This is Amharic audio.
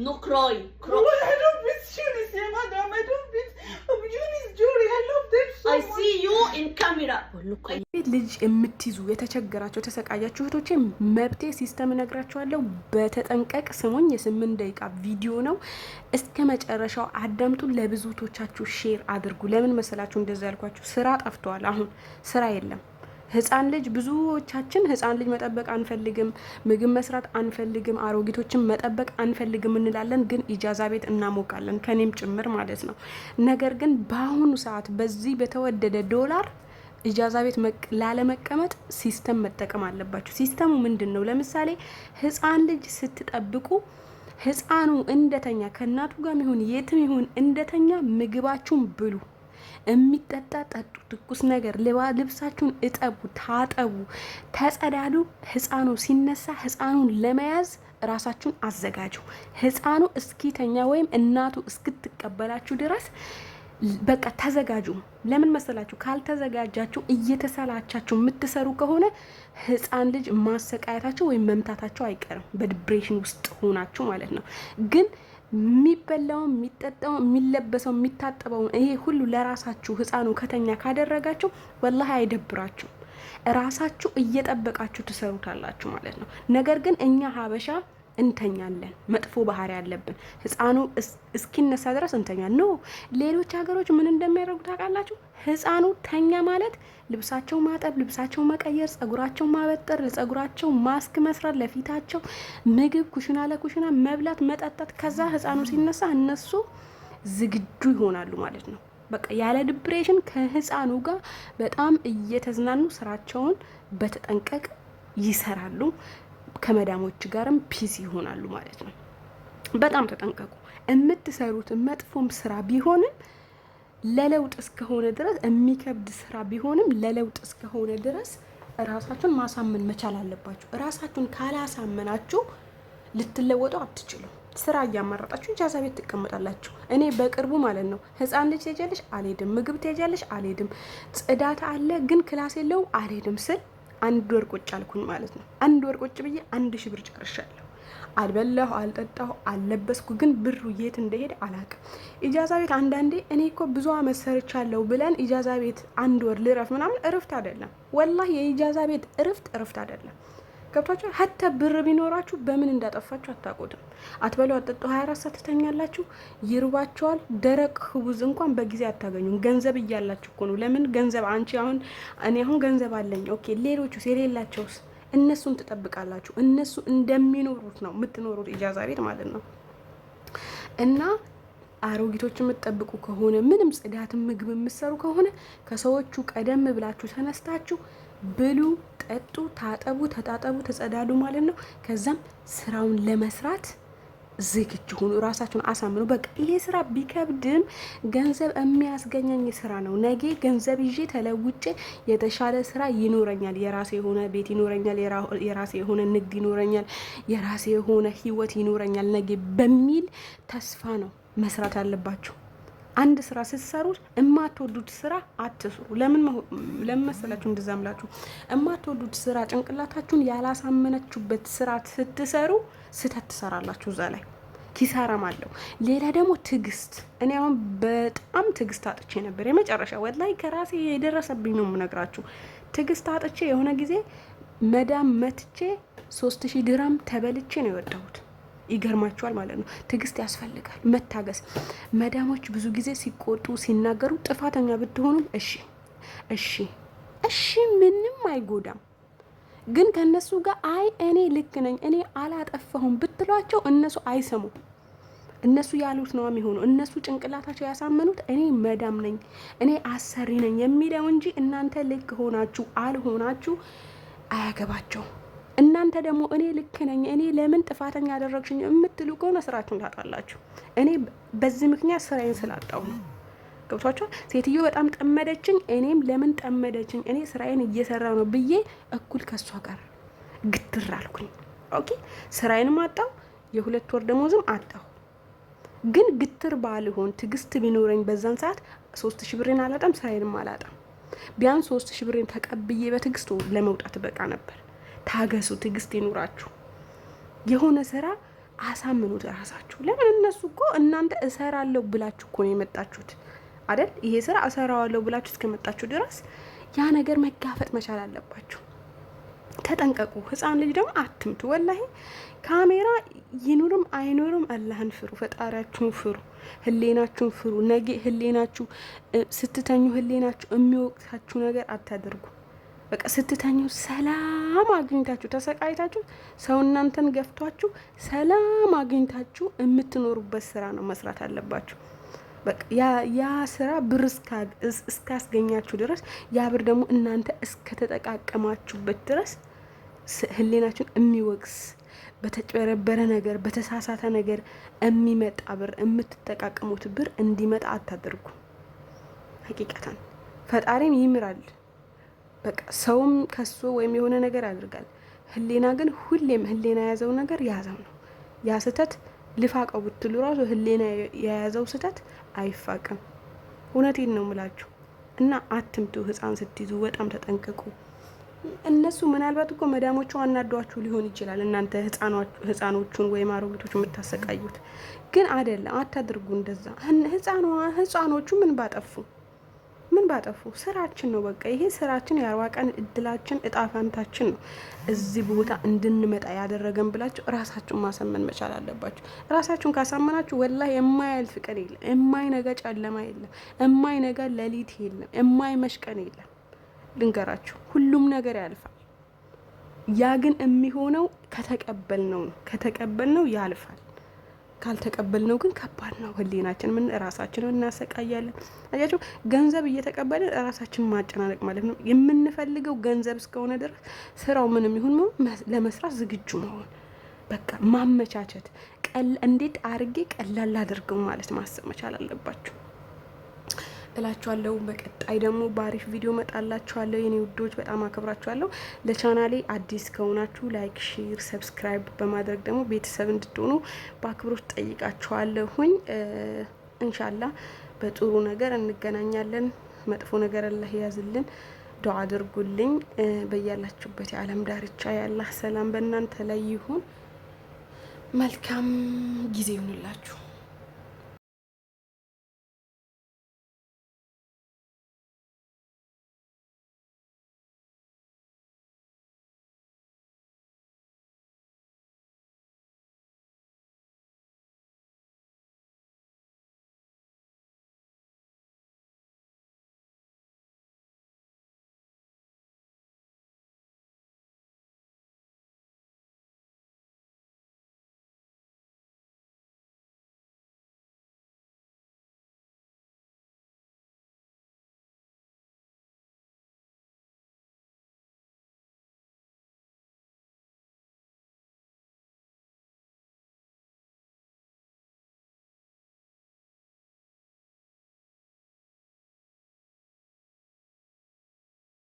No cry. cry. No, I don't beat Junis, yeah, madam. I don't beat Junis, jewelry, I love them so I much. see you in camera. ቤት ልጅ የምትይዙ የተቸገራቸው የተሰቃያችሁ እህቶቼ መብቴ ሲስተም እነግራችኋለሁ። በተጠንቀቅ ስሙኝ። የስምንት ደቂቃ ቪዲዮ ነው። እስከ መጨረሻው አዳምጡ። ለብዙቶቻችሁ ሼር አድርጉ። ለምን መሰላችሁ እንደዛ ያልኳችሁ? ስራ ጠፍተዋል። አሁን ስራ የለም። ህፃን ልጅ ብዙዎቻችን ህፃን ልጅ መጠበቅ አንፈልግም፣ ምግብ መስራት አንፈልግም፣ አሮጊቶችን መጠበቅ አንፈልግም እንላለን። ግን ኢጃዛ ቤት እናሞቃለን ከኔም ጭምር ማለት ነው። ነገር ግን በአሁኑ ሰዓት በዚህ በተወደደ ዶላር ኢጃዛ ቤት ላለመቀመጥ ሲስተም መጠቀም አለባቸው። ሲስተሙ ምንድን ነው? ለምሳሌ ህፃን ልጅ ስትጠብቁ ህፃኑ እንደተኛ ከእናቱ ጋር ይሁን የትም ይሁን እንደተኛ ምግባችሁን ብሉ። የሚጠጣ ጠጡ፣ ትኩስ ነገር ልብሳችሁን እጠቡ፣ ታጠቡ፣ ተጸዳዱ። ህፃኑ ሲነሳ ህፃኑን ለመያዝ ራሳችሁን አዘጋጁ። ህፃኑ እስኪተኛ ወይም እናቱ እስክትቀበላችሁ ድረስ በቃ ተዘጋጁ። ለምን መሰላችሁ? ካልተዘጋጃችሁ እየተሰላቻችሁ የምትሰሩ ከሆነ ህፃን ልጅ ማሰቃየታቸው ወይም መምታታቸው አይቀርም። በዲፕሬሽን ውስጥ ሆናችሁ ማለት ነው ግን የሚበላውን የሚጠጣው የሚለበሰው የሚታጠበውን ይሄ ሁሉ ለራሳችሁ ህፃኑ ከተኛ ካደረጋችሁ ወላሂ አይደብራችሁ ራሳችሁ እየጠበቃችሁ ትሰሩታላችሁ ማለት ነው። ነገር ግን እኛ ሀበሻ እንተኛለን። መጥፎ ባህሪ ያለብን ህፃኑ እስኪነሳ ድረስ እንተኛ ኖ ሌሎች ሀገሮች ምን እንደሚያደርጉ ታውቃላችሁ? ህፃኑ ተኛ ማለት ልብሳቸው ማጠብ፣ ልብሳቸው መቀየር፣ ጸጉራቸው ማበጠር፣ ለጸጉራቸው ማስክ መስራት፣ ለፊታቸው ምግብ ኩሽና ለኩሽና መብላት፣ መጠጣት። ከዛ ህፃኑ ሲነሳ እነሱ ዝግጁ ይሆናሉ ማለት ነው። በቃ ያለ ዲፕሬሽን ከህፃኑ ጋር በጣም እየተዝናኑ ስራቸውን በተጠንቀቅ ይሰራሉ። ከመዳሞች ጋርም ፒስ ይሆናሉ ማለት ነው። በጣም ተጠንቀቁ። የምትሰሩት መጥፎም ስራ ቢሆንም ለለውጥ እስከሆነ ድረስ የሚከብድ ስራ ቢሆንም ለለውጥ እስከሆነ ድረስ ራሳችሁን ማሳመን መቻል አለባችሁ። ራሳችሁን ካላሳመናችሁ ልትለወጡ አትችሉ። ስራ እያመረጣችሁ እጃዛ ቤት ትቀመጣላችሁ። እኔ በቅርቡ ማለት ነው ህፃን ልጅ ትሄጃለሽ አልሄድም፣ ምግብ ትሄጃለሽ አልሄድም፣ ጽዳት አለ ግን ክላስ የለውም አልሄድም ስል አንድ ወር ቁጭ አልኩኝ ማለት ነው። አንድ ወር ቁጭ ብዬ አንድ ሺህ ብር ጨርሻለሁ። አልበላሁ፣ አልጠጣሁ፣ አልለበስኩ፣ ግን ብሩ የት እንደሄደ አላውቅም። ኢጃዛ ቤት አንዳንዴ እኔ እኮ ብዙ አመት ሰርቻለሁ ብለን ኢጃዛ ቤት አንድ ወር ልረፍ ምናምን እርፍት አይደለም። ወላሂ የኢጃዛ ቤት እርፍት እርፍት አይደለም። ገብቷቸው ሀታ ብር ቢኖራችሁ በምን እንዳጠፋችሁ አታውቁትም። አትበሉ አጠጡ፣ 24 ሰዓት ትተኛላችሁ፣ ይርባችኋል። ደረቅ ህቡዝ እንኳን በጊዜ አታገኙም። ገንዘብ እያላችሁ እኮ ነው። ለምን ገንዘብ አንቺ አሁን እኔ አሁን ገንዘብ አለኝ ኦኬ፣ ሌሎቹስ የሌላቸውስ? እነሱን ትጠብቃላችሁ። እነሱ እንደሚኖሩት ነው የምትኖሩት፣ ኢጃዛ ቤት ማለት ነው እና አሮጊቶች የምትጠብቁ ከሆነ ምንም ጽዳትን ምግብ የምትሰሩ ከሆነ ከሰዎቹ ቀደም ብላችሁ ተነስታችሁ ብሉ ጠጡ፣ ታጠቡ፣ ተጣጠቡ፣ ተጸዳዱ ማለት ነው። ከዛም ስራውን ለመስራት ዝግጁ ሁኑ። ራሳችሁን አሳምኑ። በቃ ይሄ ስራ ቢከብድም ገንዘብ የሚያስገኘኝ ስራ ነው። ነገ ገንዘብ ይዤ ተለውጬ የተሻለ ስራ ይኖረኛል። የራሴ የሆነ ቤት ይኖረኛል። የራሴ የሆነ ንግድ ይኖረኛል። የራሴ የሆነ ህይወት ይኖረኛል ነገ በሚል ተስፋ ነው መስራት አለባችሁ። አንድ ስራ ስትሰሩ እማትወዱት ስራ አትስሩ። ለምን ለምን መሰላችሁ? እማትወዱት ስራ ጭንቅላታችሁን ያላሳመነችሁበት ስራ ስትሰሩ ስህተት ትሰራላችሁ። እዛ ላይ ኪሳራም አለው። ሌላ ደግሞ ትዕግስት። እኔ አሁን በጣም ትዕግስት አጥቼ ነበር። የመጨረሻ ወላይ ከራሴ የደረሰብኝ ነው የምነግራችሁ። ትዕግስት አጥቼ የሆነ ጊዜ መዳም መትቼ ሶስት ሺህ ድራም ተበልቼ ነው የወጣሁት። ይገርማችኋል ማለት ነው። ትዕግስት ያስፈልጋል፣ መታገስ። መዳሞች ብዙ ጊዜ ሲቆጡ ሲናገሩ ጥፋተኛ ብትሆኑም እሺ እሺ እሺ ምንም አይጎዳም። ግን ከእነሱ ጋር አይ እኔ ልክ ነኝ እኔ አላጠፋሁም ብትሏቸው እነሱ አይሰሙም። እነሱ ያሉት ነው የሚሆኑ። እነሱ ጭንቅላታቸው ያሳመኑት እኔ መዳም ነኝ እኔ አሰሪ ነኝ የሚለው እንጂ እናንተ ልክ ሆናችሁ አልሆናችሁ አያገባቸውም። እናንተ ደግሞ እኔ ልክ ነኝ፣ እኔ ለምን ጥፋተኛ ያደረግሽኝ የምትሉ ከሆነ ስራችሁን ታጣላችሁ። እኔ በዚህ ምክንያት ስራዬን ስላጣው ነው። ገብቷቸው ሴትዮ በጣም ጠመደችኝ፣ እኔም ለምን ጠመደችኝ፣ እኔ ስራዬን እየሰራ ነው ብዬ እኩል ከእሷ ጋር ግትር አልኩኝ። ኦኬ ስራዬንም አጣው፣ የሁለት ወር ደሞዝም አጣሁ። ግን ግትር ባልሆን ትዕግስት ቢኖረኝ በዛን ሰዓት ሶስት ሺ ብሬን አላጣም፣ ስራዬንም አላጣም። ቢያንስ ሶስት ሺ ብሬን ተቀብዬ በትዕግስት ለመውጣት በቃ ነበር። ታገሱ፣ ትዕግስት ይኑራችሁ። የሆነ ስራ አሳምኑት እራሳችሁ። ለምን እነሱ እኮ እናንተ እሰራለሁ ብላችሁ እኮ ነው የመጣችሁት አይደል? ይሄ ስራ እሰራዋለሁ ብላችሁ እስከመጣችሁ ድረስ ያ ነገር መጋፈጥ መቻል አለባችሁ። ተጠንቀቁ። ህፃን ልጅ ደግሞ አትምቱ። ወላሂ ካሜራ ይኑርም አይኑርም አላህን ፍሩ፣ ፈጣሪያችሁን ፍሩ፣ ህሌናችሁን ፍሩ። ነገ ህሌናችሁ ስትተኙ ህሌናችሁ የሚወቅሳችሁ ነገር አታደርጉ። በቃ ስትተኙ ሰላም አግኝታችሁ ተሰቃይታችሁ ሰው እናንተን ገፍቷችሁ ሰላም አግኝታችሁ የምትኖሩበት ስራ ነው መስራት አለባችሁ። ያ ስራ ብር እስካስገኛችሁ ድረስ ያ ብር ደግሞ እናንተ እስከተጠቃቀማችሁበት ድረስ ህሌናችሁን የሚወቅስ በተጭበረበረ ነገር በተሳሳተ ነገር የሚመጣ ብር የምትጠቃቀሙት ብር እንዲመጣ አታደርጉ። ሀቂቃታን ፈጣሪም ይምራል። በቃ ሰውም ከሱ ወይም የሆነ ነገር ያደርጋል። ህሊና ግን ሁሌም ህሊና የያዘው ነገር ያዘው ነው። ያ ስህተት ልፋቀው ብትሉ ራሱ ህሊና የያዘው ስህተት አይፋቅም። እውነቴን ነው ምላችሁ እና አትምቱ። ህፃን ስትይዙ በጣም ተጠንቀቁ። እነሱ ምናልባት እኮ መዳሞቹ አናዷችሁ ሊሆን ይችላል። እናንተ ህፃኖቹን ወይም አሮጊቶቹ የምታሰቃዩት ግን አይደለም። አታድርጉ እንደዛ። ህፃኖቹ ምን ባጠፉ ምን ባጠፉ? ስራችን ነው በቃ ይሄ ስራችን፣ የአርባ ቀን እድላችን፣ እጣፋንታችን ነው እዚህ ቦታ እንድንመጣ ያደረገን ብላችሁ ራሳችሁን ማሳመን መቻል አለባችሁ። ራሳችሁን ካሳመናችሁ ወላ የማያልፍ ቀን የለም፣ የማይነጋ ጨለማ የለም፣ የማይነጋ ሌሊት የለም፣ የማይመሽ ቀን የለም። ልንገራችሁ ሁሉም ነገር ያልፋል። ያ ግን የሚሆነው ከተቀበልነው ነው። ከተቀበልነው ያልፋል። ካልተቀበልነው ግን ከባድ ነው። ህሊናችን ምን ራሳችንን እናሰቃያለን። አያቸው ገንዘብ እየተቀበልን ራሳችን ማጨናነቅ ማለት ነው። የምንፈልገው ገንዘብ እስከሆነ ድረስ ስራው ምንም ይሁን ለመስራት ዝግጁ መሆን በቃ ማመቻቸት፣ እንዴት አርጌ ቀላል አድርገው ማለት ማሰብ መቻል አለባችሁ። እላችኋለሁ። በቀጣይ ደግሞ በአሪፍ ቪዲዮ መጣላችኋለሁ። የኔ ውዶች በጣም አከብራችኋለሁ። ለቻናሌ አዲስ ከሆናችሁ ላይክ፣ ሼር፣ ሰብስክራይብ በማድረግ ደግሞ ቤተሰብ እንድትሆኑ በአክብሮት ጠይቃችኋለሁኝ። እንሻላ በጥሩ ነገር እንገናኛለን። መጥፎ ነገር አላህ ያዝልን። ዱዓ አድርጉልኝ። በያላችሁበት የዓለም ዳርቻ ያላህ ሰላም በእናንተ ላይ ይሁን። መልካም ጊዜ ይሁንላችሁ።